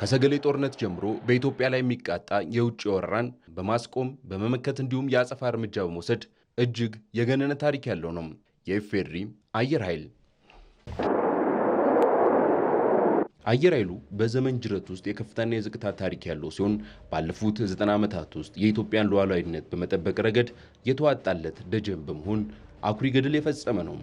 ከሰገሌ ጦርነት ጀምሮ በኢትዮጵያ ላይ የሚቃጣ የውጭ ወረራን በማስቆም በመመከት እንዲሁም የአጸፋ እርምጃ በመውሰድ እጅግ የገነነ ታሪክ ያለው ነው የኢፌዴሪ አየር ኃይል። አየር ኃይሉ በዘመን ጅረት ውስጥ የከፍታና የዝቅታ ታሪክ ያለው ሲሆን ባለፉት ዘጠና ዓመታት ውስጥ የኢትዮጵያን ሉዓላዊነት በመጠበቅ ረገድ የተዋጣለት ደጀን በመሆን አኩሪ ገድል የፈጸመ ነው።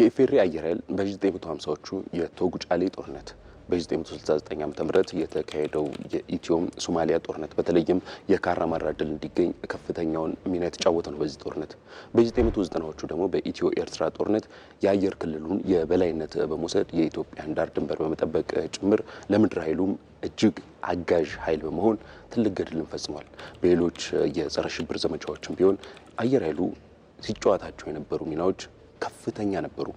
የኢፌዴሪ አየር ኃይል በ1950ዎቹ የቶጉጫሌ ጦርነት በ 969 ዓ ም የተካሄደው የኢትዮ ሶማሊያ ጦርነት በተለይም የካራ ማራ ድል እንዲገኝ ከፍተኛውን ሚና የተጫወተ ነው። በዚህ ጦርነት በ1990ዎቹ ደግሞ በኢትዮ ኤርትራ ጦርነት የአየር ክልሉን የበላይነት በመውሰድ የኢትዮጵያን ዳር ድንበር በመጠበቅ ጭምር ለምድር ኃይሉም እጅግ አጋዥ ኃይል በመሆን ትልቅ ገድልን ፈጽሟል። በሌሎች የጸረ ሽብር ዘመቻዎችም ቢሆን አየር ኃይሉ ሲጫወታቸው የነበሩ ሚናዎች ከፍተኛ ነበሩ።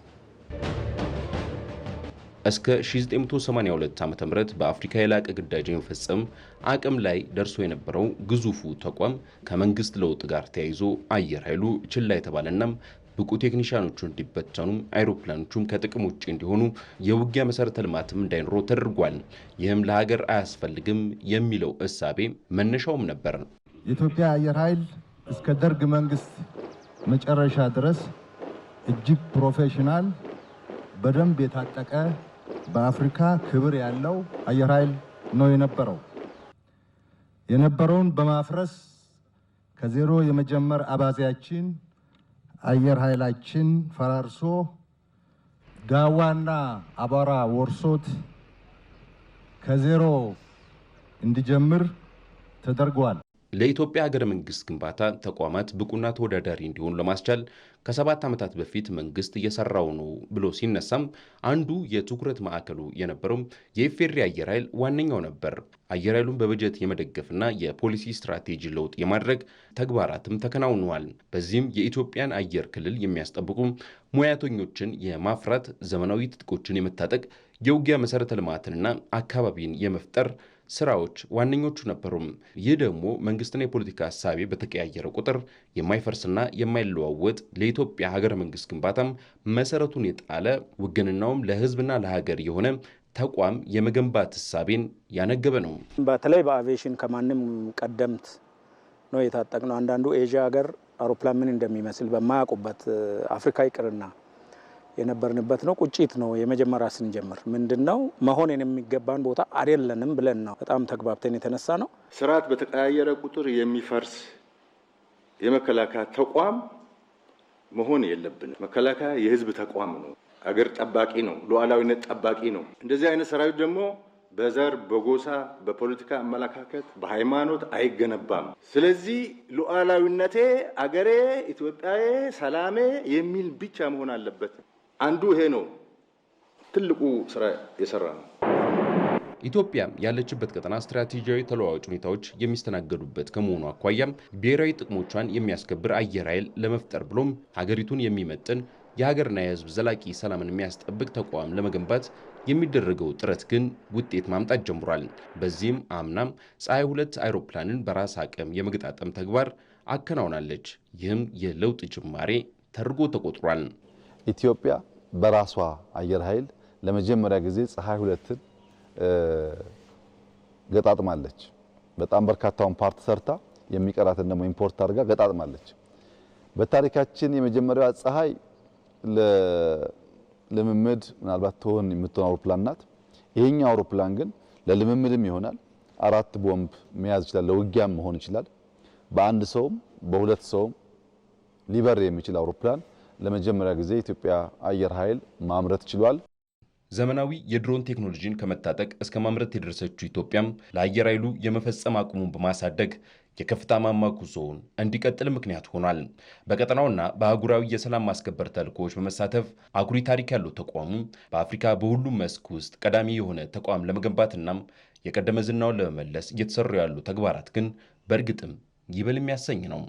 እስከ 1982 ዓ.ም በአፍሪካ የላቀ ግዳጅ የመፈጸም አቅም ላይ ደርሶ የነበረው ግዙፉ ተቋም ከመንግስት ለውጥ ጋር ተያይዞ አየር ኃይሉ ችላ የተባለና ብቁ ቴክኒሽያኖቹ እንዲበተኑም አይሮፕላኖቹም ከጥቅም ውጭ እንዲሆኑ የውጊያ መሰረተ ልማትም እንዳይኖረው ተደርጓል። ይህም ለሀገር አያስፈልግም የሚለው እሳቤ መነሻውም ነበር። የኢትዮጵያ አየር ኃይል እስከ ደርግ መንግስት መጨረሻ ድረስ እጅግ ፕሮፌሽናል፣ በደንብ የታጠቀ በአፍሪካ ክብር ያለው አየር ኃይል ነው የነበረው። የነበረውን በማፍረስ ከዜሮ የመጀመር አባዜያችን አየር ኃይላችን ፈራርሶ ዳዋና አቧራ ወርሶት ከዜሮ እንዲጀምር ተደርጓል። ለኢትዮጵያ ሀገረ መንግስት ግንባታ ተቋማት ብቁና ተወዳዳሪ እንዲሆኑ ለማስቻል ከሰባት ዓመታት በፊት መንግስት እየሰራው ነው ብሎ ሲነሳም አንዱ የትኩረት ማዕከሉ የነበረው የኢፌሪ አየር ኃይል ዋነኛው ነበር። አየር ኃይሉን በበጀት የመደገፍና የፖሊሲ ስትራቴጂ ለውጥ የማድረግ ተግባራትም ተከናውነዋል። በዚህም የኢትዮጵያን አየር ክልል የሚያስጠብቁ ሙያተኞችን የማፍራት ዘመናዊ ትጥቆችን የመታጠቅ የውጊያ መሰረተ ልማትንና አካባቢን የመፍጠር ስራዎች ዋነኞቹ ነበሩም። ይህ ደግሞ መንግስትና የፖለቲካ ሀሳቤ በተቀያየረ ቁጥር የማይፈርስና የማይለዋወጥ ለኢትዮጵያ ሀገረ መንግስት ግንባታም መሰረቱን የጣለ ውግንናውም ለህዝብና ለሀገር የሆነ ተቋም የመገንባት ህሳቤን ያነገበ ነው። በተለይ በአቪዬሽን ከማንም ቀደምት ነው የታጠቅነው። አንዳንዱ ኤዥያ ሀገር አውሮፕላን ምን እንደሚመስል በማያውቁበት አፍሪካ ይቅርና የነበርንበት ነው። ቁጭት ነው የመጀመሪያ ስንጀምር ምንድን ነው መሆንን የሚገባን ቦታ አይደለንም ብለን ነው በጣም ተግባብተን የተነሳ ነው። ስርዓት በተቀያየረ ቁጥር የሚፈርስ የመከላከያ ተቋም መሆን የለብንም። መከላከያ የህዝብ ተቋም ነው። አገር ጠባቂ ነው። ሉዓላዊነት ጠባቂ ነው። እንደዚህ አይነት ሰራዊት ደግሞ በዘር፣ በጎሳ፣ በፖለቲካ አመለካከት፣ በሃይማኖት አይገነባም። ስለዚህ ሉዓላዊነቴ፣ አገሬ፣ ኢትዮጵያዬ፣ ሰላሜ የሚል ብቻ መሆን አለበት። አንዱ ይሄ ነው ትልቁ ስራ የሰራ ነው። ኢትዮጵያ ያለችበት ቀጠና ስትራቴጂያዊ ተለዋዋጭ ሁኔታዎች የሚስተናገዱበት ከመሆኑ አኳያም ብሔራዊ ጥቅሞቿን የሚያስከብር አየር ኃይል ለመፍጠር ብሎም ሀገሪቱን የሚመጥን የሀገርና የሕዝብ ዘላቂ ሰላምን የሚያስጠብቅ ተቋም ለመገንባት የሚደረገው ጥረት ግን ውጤት ማምጣት ጀምሯል። በዚህም አምናም ፀሐይ ሁለት አይሮፕላንን በራስ አቅም የመገጣጠም ተግባር አከናውናለች። ይህም የለውጥ ጅማሬ ተደርጎ ተቆጥሯል። ኢትዮጵያ በራሷ አየር ኃይል ለመጀመሪያ ጊዜ ፀሐይ ሁለትን ገጣጥማለች። በጣም በርካታውን ፓርት ሰርታ የሚቀራትን ደግሞ ኢምፖርት አድርጋ ገጣጥማለች። በታሪካችን የመጀመሪያዋ ፀሐይ ለልምምድ ምናልባት ትሆን የምትሆን አውሮፕላን ናት። ይሄኛው አውሮፕላን ግን ለልምምድም ይሆናል። አራት ቦምብ መያዝ ይችላል። ለውጊያም መሆን ይችላል። በአንድ ሰውም በሁለት ሰውም ሊበር የሚችል አውሮፕላን ለመጀመሪያ ጊዜ ኢትዮጵያ አየር ኃይል ማምረት ችሏል። ዘመናዊ የድሮን ቴክኖሎጂን ከመታጠቅ እስከ ማምረት የደረሰችው ኢትዮጵያም ለአየር ኃይሉ የመፈጸም አቅሙን በማሳደግ የከፍታ ማማ ጉዞውን እንዲቀጥል ምክንያት ሆኗል። በቀጠናውና በአህጉራዊ የሰላም ማስከበር ተልእኮዎች በመሳተፍ አኩሪ ታሪክ ያለው ተቋሙ በአፍሪካ በሁሉም መስክ ውስጥ ቀዳሚ የሆነ ተቋም ለመገንባትና የቀደመ ዝናውን ለመመለስ እየተሰሩ ያሉ ተግባራት ግን በእርግጥም ይበል የሚያሰኝ ነው።